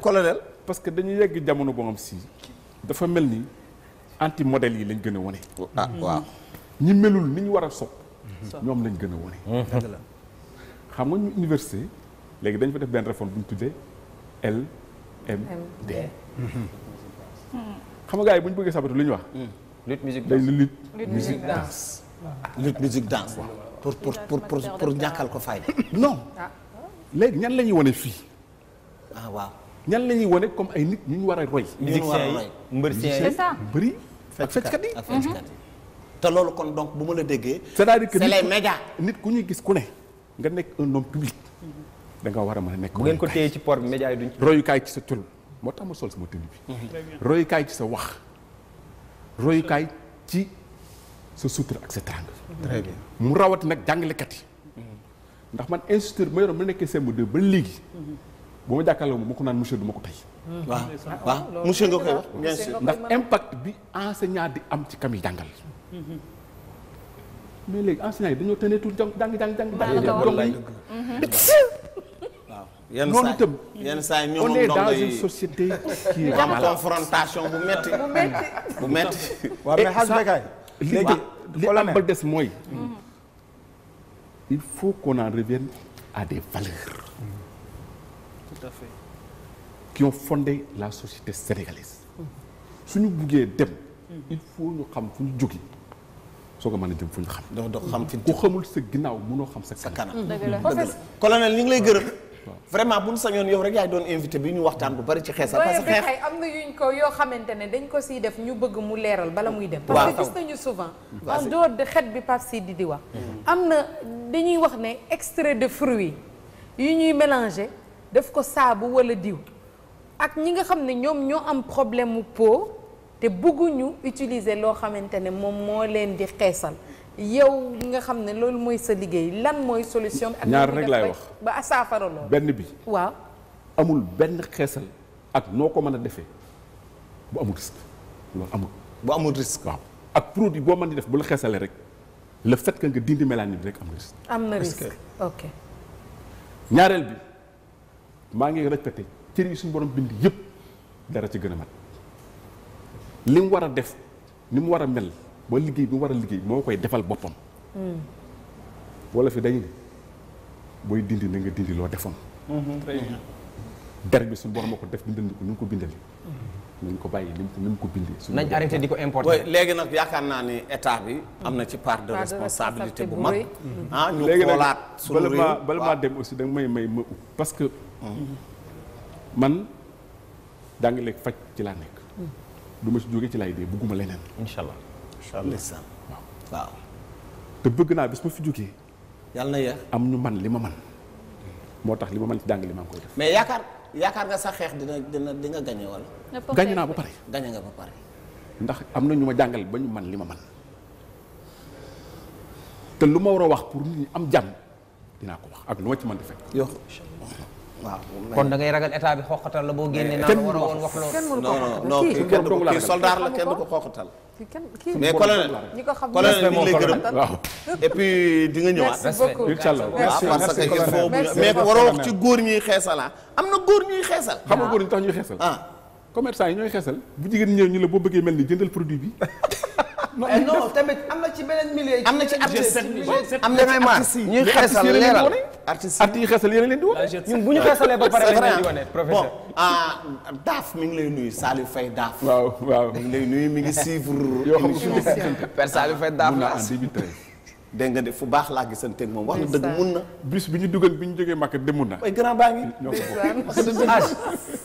colonel parce que dañu yegg jamono boo xam si dafa mel ni anti modèle yi lañ gën wone wane. ah waaw ñi melul ni ñu war a sopp ñoom lañ gën a wane. Mhm. xam nga ñu université léegi dañ fa def benn réforme bu ñu tuddee LMD. Mhm. xam nga gars yi bu bëggee sabatu lu ñu wax. Hmm. lutte musique danse dañu lutte musique danse. Ah, lutte musique danse waaw. pour pour pour pour pour ñàkkal ko fay. Ah. non léegi ñan lañuy wone fii. Ah, waaw. ñan la wone comme ay nit ñu ñu war a roy. musiciens yi mbërsiens yi c'est ça bëri ak feccikat yi ak feccikat yi mhm. te loolu kon donc bu ma la déggee. c'est-à-dire nit ku ñuy gis ku ne nga nekk un homme public. Mhm. da nga war a mën a nekk bu ngeen ko téye ci poor bi médias yi duñ ci. royukaay ci sa tur moo tax ma sol sama tenue bi. Mhm. royukaay ci sa wax royukaay ci sa sutura ak sa trang. mu rawati nag jàngalekat yi. ndax man instituteur ma yoroon ma nekkee CM2 ba léegi. boo ma jàkkaarloo moom ma ko naan monsieur du ko tey. Hmm. waaw ah, waaw nga koy ndax impact bi enseignant di am ci kam yi jàngal. Hmm. mais léegi enseignant yi dañoo tënee tout jàng jàng jàng jàng. Hmm. waaw yenn saa société. bu metti bu metti waaw mais léegi li am ba des mooy. il faut qu'on en revienne à des tout à fait qui ont la société sénégalaise suñu buggee dem il faut ñu xam fu ñu jógee soo ko mën a jëm fu ñu xam. doo doo xam fi ku xamul sa ginnaaw mënoo xam sa kanam. la colonel ñu ngi lay gërëm. vraiment bu ñu sañoon yow rek yaay doon invité bi ñu waxtaan bu bari ci xeesal. parce que am na yuñ ko yoo xamante ne dañ ko siy def ñu bëgg mu leeral bala muy dem. parce que gis nañu souvent. en dehors de xet bi Pape Sidi di wax. am na dañuy wax ne extrait de fruits yu ñuy mélanger. def ko saabu wala diw ak ñi nga xam ne ñoom ñoo am problème mu peau te bëgguñu utiliser loo xamante ne moom moo leen di xeesal yow nga xam ne loolu mooy sa liggéey lan mooy solution. ak ñaar rek laay wax ba asaafara loolu benn bi waaw. amul benn xeesal ak noo ko mën a defee bu amul risque loolu amul. ak produit boo mën di def bu la rek le fait que nga dindi mélanine bi rek am na risque. am na risque ok. ñaareel bi. maa ngi répété cër yi suñu borom bind yëpp dara ci gën a mat li war a def ni mu war a mel ba liggéey bi mu war a liggéey moo koy defal boppam. Hmm. wala fi dañu ne booy dindi na nga dindi loo defoon. Hmm, très bien der bi suñu borom moo ko def bindal ko ni mu ko bindali hmm. nañ ko bàyyi ni mu ko bindee. nañ arrêté di ko importer. léegi nag yaakaar naa ne état bi. am na ci part de responsabilité bu mag. ah ñu xoolaat suñu réew léegi bala maa dem aussi da may may ma upp parce que. Mm-hmm. man daa ngi lekk faj ci laa nekk. Mm-hmm. du ma si jóge ci laay dee bugguma leneen. incha allah incha allah waaw. te bëgg naa bis ma fi jógee. yàlla na yeex am ñu man li ma man moo tax li ma mën ci jàng li maa koy def. mais yaakaar yaakaar nga sax xeex dina dina di nga gagné wala. gagné naa ba pare. gagné nga ba pare. ndax am na ñu ma jàngal ba ñu man li ma man te lu ma war a wax pour nit ñi am jàmm dinaa ko wax ak lu ma ci mën di fekk. waaw kon da ngay ragal état bi xoqatal la boo génnee naan war a woon wax loolu kenn mënu ko xoqatal non non kenn du kii soldat la kenn du ko xoqatal mais colonel colonel ñu ngi lay gërëm et puis di nga ñëwaat inchallah parce que il faut mais war a wax ci góor ñuy xeesala ah. am na góor ñuy xeesal xam nga góor ñi tax ñuy xeesal ah commerçant yi ñooy xeesal bu jigéen ñëw ñu la boo bëggee mel ni jëndal produit bi non eh, tamit am na ci beneen milieu. am na ci artiste am na ci artiste yi ñuy xeesal leeral artiste yi xeesal yéen a leen di wane. bu ñu xeesalee ba pare lañ leen di wane ah, mi ngi lay nuyu Salif Faye Daaf. waaw waaw mi ngi lay nuyu mi ngi suivre. yoo xam ne Père Salif Faye Daaf la dégg nga de fu baax laa gisante moom wax na dëgg mun na. bis bi ñu dugal bi ñu jógee Màkka demoon na. mooy grand baa ngi. ñoo ko bokk